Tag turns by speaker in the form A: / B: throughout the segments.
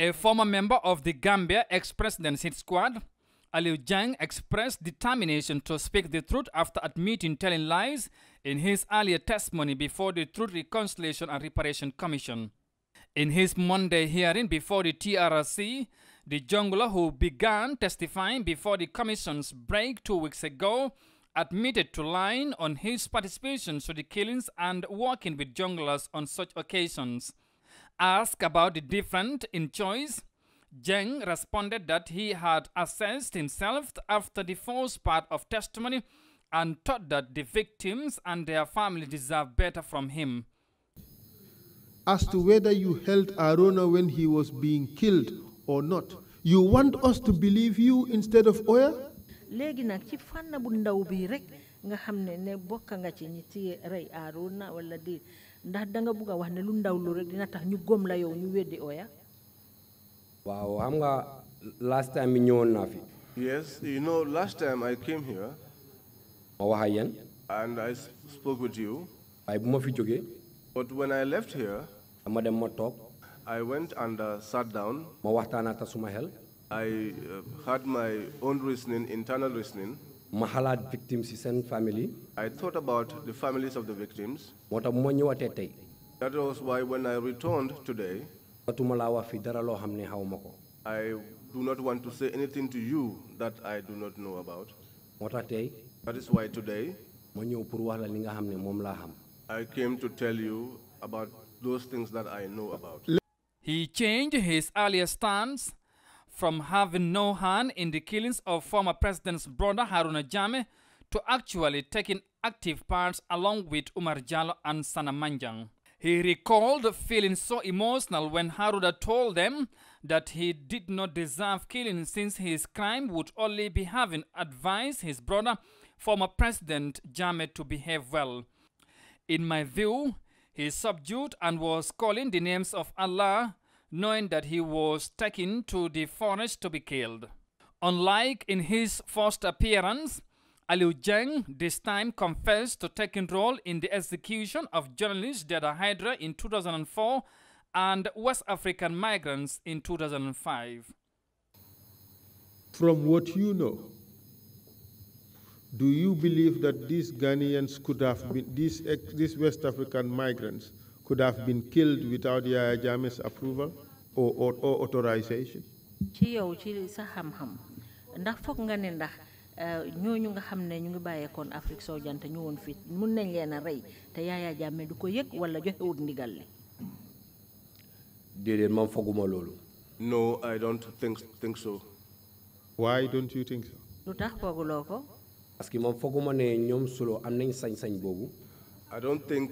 A: A former member of the Gambia ex-presidency squad, Aliu Jang expressed determination to speak the truth after admitting telling lies in his earlier testimony before the Truth Reconciliation and Reparation Commission. In his Monday hearing before the TRC, the jungler who began testifying before the commission's break two weeks ago admitted to lying on his participation to the killings and working with junglers on such occasions. Asked about the difference in choice, Jeng responded that he had assessed himself after the first part of testimony and thought that the victims and their family deserve better from him.
B: As to whether you held Arona when he was being killed or not, you want us to believe you instead of Oya?
C: ci bu ndaw bi rek nga ne nga ci ñi ci Arona wala di Wow, I'm a wax dina tax ñu gom la yow ñu
D: waaw xam nga last time bi ñëwoon naa fi yes you know last time I came here ma wax ak yéen and I spoke with you waaye bu ma fi jógee but when I left here dama dem ma toog I went and uh, sat down ma suma xel I uh, had my own reasoning internal reasoning Mahalad victims yi family. I thought about the families of the victims. moo tax moo That was why when I returned today. matuma laa wax fi dara I do not want to say anything to you that I do not know about. moo tax That is why today. ma ñëw pour wax la li nga xam ne xam. I came to tell you about those things that I know about.
A: He changed his earlier stance from having no hand in the killings of former President's brother Haruna Jame to actually taking active parts along with Umar Jallo and Sana Manjang. He recalled feeling so emotional when Haruna told them that he did not deserve killing since his crime would only be having advised his brother, former President Jame, to behave well. In my view, he subdued and was calling the names of Allah, knowing that he was taken to the forest to be killed. Unlike in his first appearance, Aliu Zheng this time confessed to taking role in the execution of journalist Dada Hydra in 2004 and West African migrants in 2005.
B: From what you know, do you believe that these Ghanaians could have been, these, these West African migrants could have been killed without Yaya Jame's approval or, or, or authorization?
C: ci yow sa xam-xam ndax foog nga ne ndax ñooñu nga xam ne ñu ngi bàyyeekoon Afrique soo jant ñëwoon fii mun nañ leen a rey te Yaya Jammeh du ko yëg wala joxewut ndigal li
D: déedéet man foguma loolu no I don't think think so why don't you think so
C: lu tax fooguloo ko
D: parce que man foguma ne ñoom sulo am nañ sañ-sañ boobu I don't think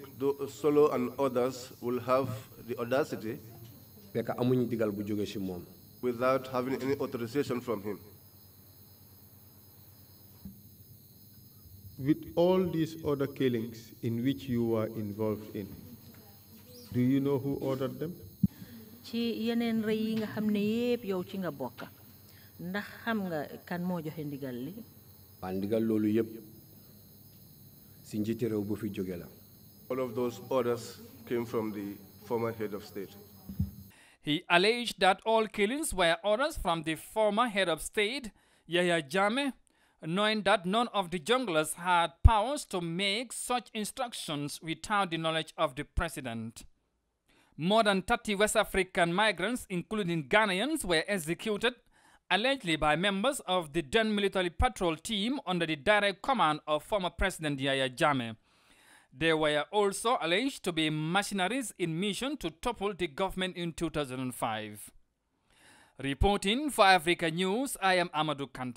D: Solo and others will have the audacity without having any authorization from him.
B: With all these other killings in which you were involved in, do you know who ordered them?
D: bu fi jóge la. All of those orders came from the former head of state.
A: He alleged that all killings were orders from the former head of state, Yahya Jammeh, knowing that none of the junglers had powers to make such instructions without the knowledge of the president. More than 30 West African migrants, including Ghanaians, were executed allegedly by members of the then military patrol team under the direct command of former President Yahya Jammeh. They were also alleged to be mercenaries in mission to topple the government in 2005. Reporting for Africa News, I am Amadou Kante.